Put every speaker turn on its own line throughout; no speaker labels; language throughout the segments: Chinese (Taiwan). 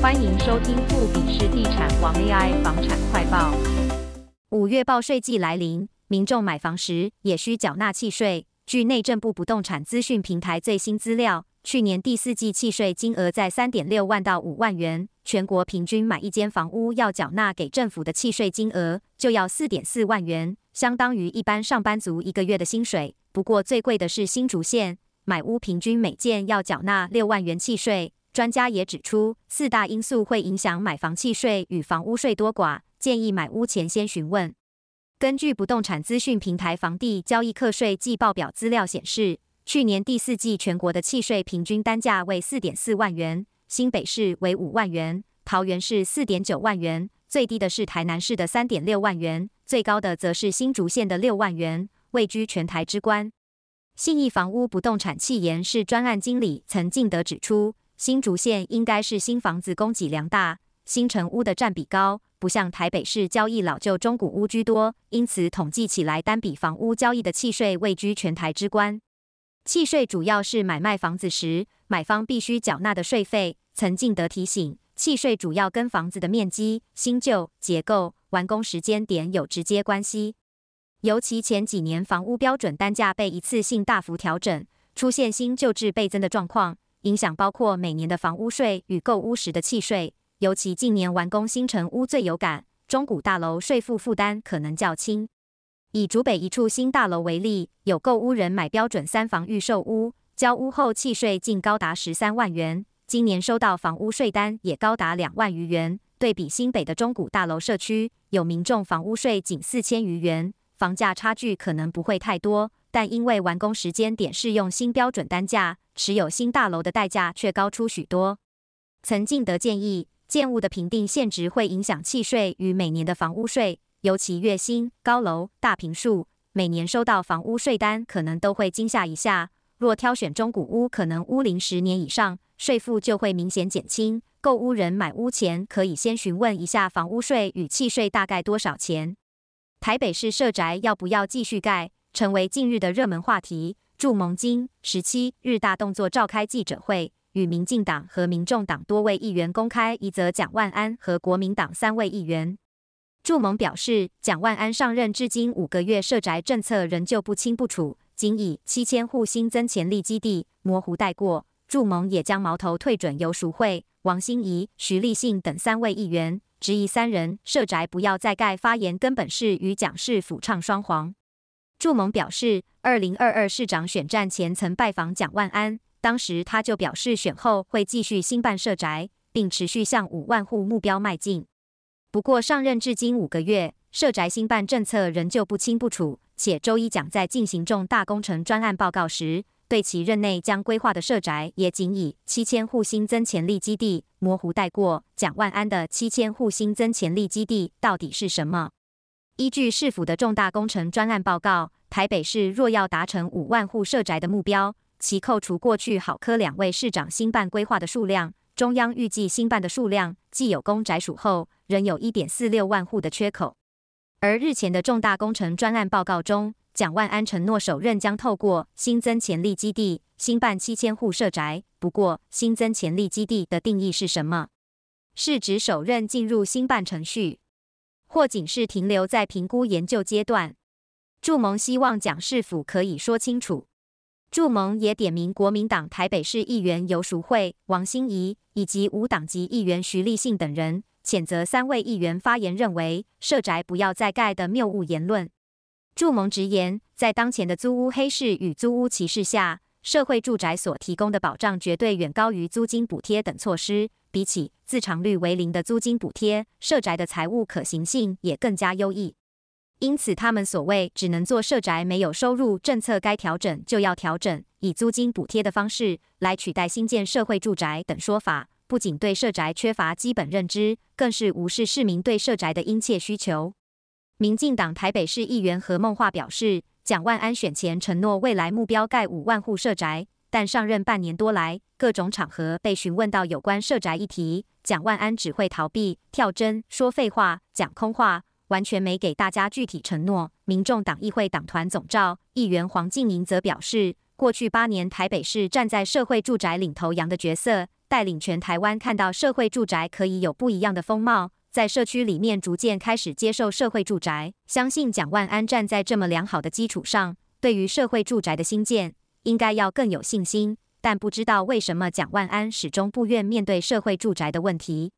歡迎收聽富比士地產王 AI 房產快報。五月報稅季來臨，民眾買房時也需繳納契稅。據內政部不動產資訊平台最新資料，去年第四季契稅金額在三點六萬到五萬元，全國平均買一間房屋要繳納給政府的契稅金額就要四點四萬元，相當於一般上班族一個月的薪水。不過最貴的是新竹縣，買屋平均每件要繳納六萬元契稅。專家也指出，四大因素會影響買房契稅與房屋稅多寡，建議買屋前先詢問。根據不動產資訊平台房地交易課稅季報表資料顯示，去年第四季全國的契稅平均單價為四點四萬元，新北市為五萬元，桃園市四點九萬元，最低的是台南市的三點六萬元，最高的則是新竹縣的六萬元，位居全台之冠。信義房屋不動產企研室專案經理曾敬德指出。新竹縣應該是新房子供給量大，新成屋的佔比高，不像台北市交易老舊中古屋居多，因此統計起來單筆房屋交易的契稅位居全台之冠。契稅主要是買賣房子時買方必須繳納的稅費。曾敬德提醒，契稅主要跟房子的面積、新舊結構、完工時間點有直接關係。尤其前幾年房屋標準單價被一次性大幅調整，出現新舊制倍增的狀況。影響包括每年的房屋稅與購屋時的契稅，尤其近年完工新成屋最有感，中古大樓稅負負擔可能較輕。以竹北一處新大樓為例，有購屋人買標準三房預售屋，交屋後契稅竟高達十三萬元，今年收到房屋稅單也高達兩萬餘元。對比新北的中古大樓社區，有民眾房屋稅僅四千餘元，房價差距可能不會太多。但因為完工時間點適用新標準單價，持有新大樓的代價卻高出許多。曾敬德建議，建物的評定現值會影響契稅與每年的房屋稅，尤其月薪高樓大坪數，每年收到房屋稅單可能都會驚嚇一下。若挑選中古屋，可能屋齡十年以上，稅負就會明顯減輕。購屋人買屋前可以先詢問一下房屋稅與契稅大概多少錢。台北市社宅要不要繼續蓋？成為近日的熱門話題。住盟今十七日大動作召開記者會，與民進黨和民眾黨多位議員公開一則蔣萬安和國民黨三位議員。住盟表示，蔣萬安上任至今五個月，社宅政策仍舊不清不楚，僅以七千戶新增潛力基地模糊帶過。住盟也將矛頭對準游淑慧、王心怡、徐立信等三位議員，質疑三人社宅不要再蓋，發言根本是與蔣市府唱雙簧。住盟表示，二零二二市長選戰前曾拜訪蔣萬安，當時他就表示選後會繼續興辦社宅，並持續向五萬戶目標邁進。不過上任至今五個月，社宅興辦政策仍舊不清不楚，且週一蔣在進行重大工程專案報告時，對其任內將規劃的社宅也僅以七千戶新增潛力基地模糊帶過。蔣萬安的七千戶新增潛力基地到底是什麼？依據市府的重大工程專案報告，台北市若要達成五萬戶社宅的目標，其扣除過去郝柯兩位市長興辦規劃的數量，中央預計興辦的數量既有公宅數後，仍有一點四六萬戶的缺口。而日前的重大工程專案報告中，蔣萬安承諾首任將透過新增潛力基地興辦七千戶社宅。不過，新增潛力基地的定義是什麼？是指首任進入興辦程序？或僅是停留在評估研究階段？住盟希望蔣市府可以說清楚。住盟也點名國民黨台北市議員游淑慧、王心怡以及無黨籍議員徐立信等人，譴責三位議員發言認為社宅不要再蓋的謬誤言論。住盟直言，在當前的租屋黑市與租屋歧視下，社會住宅所提供的保障絕對遠高於租金補貼等措施。比起自償率為零的租金補貼，社宅的財務可行性也更加優異。因此，他們所謂“只能做社宅，沒有收入政策，該調整就要調整，以租金補貼的方式來取代新建社會住宅”等說法，不僅對社宅缺乏基本認知，更是無視市民對社宅的殷切需求。民進黨台北市議員何孟樺表示，蔣萬安選前承諾未來目標蓋五萬戶社宅。但上任半年多來，各種場合被詢問到有關社宅議題，蔣萬安只會逃避、跳針、說廢話、講空話，完全沒給大家具體承諾。民眾黨議會黨團總召議員黃瀞瑩則表示，過去八年台北市站在社會住宅領頭羊的角色，帶領全台灣看到社會住宅可以有不一樣的風貌，在社區裡面逐漸開始接受社會住宅。相信蔣萬安站在這麼良好的基礎上，對於社會住宅的興建。應該要更有信心，但不知道為什麼蔣萬安始終不願面對社會住宅的問題。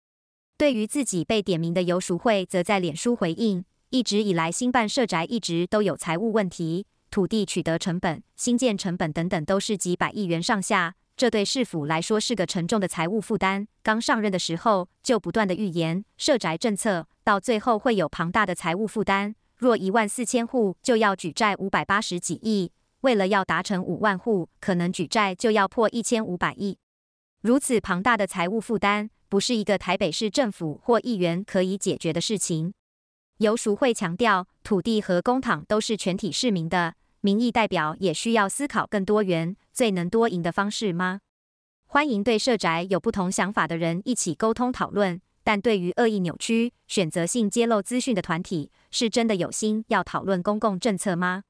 對於自己被點名的游淑慧，則在臉書回應：一直以來新辦社宅一直都有財務問題，土地取得成本、新建成本等等都是幾百億元上下，這對市府來說是個沉重的財務負擔。剛上任的時候就不斷的預言，社宅政策到最後會有龐大的財務負擔，若一萬四千戶就要舉債五百八十幾億。為了要達成五萬戶，可能舉債就要破一千五百億，如此龐大的財務負擔，不是一個台北市政府或議員可以解決的事情。游淑慧強調，土地和公帑都是全體市民的，民意代表也需要思考更多元、最能多贏的方式嗎？歡迎對社宅有不同想法的人一起溝通討論，但對於惡意扭曲、選擇性揭露資訊的團體，是真的有心要討論公共政策嗎？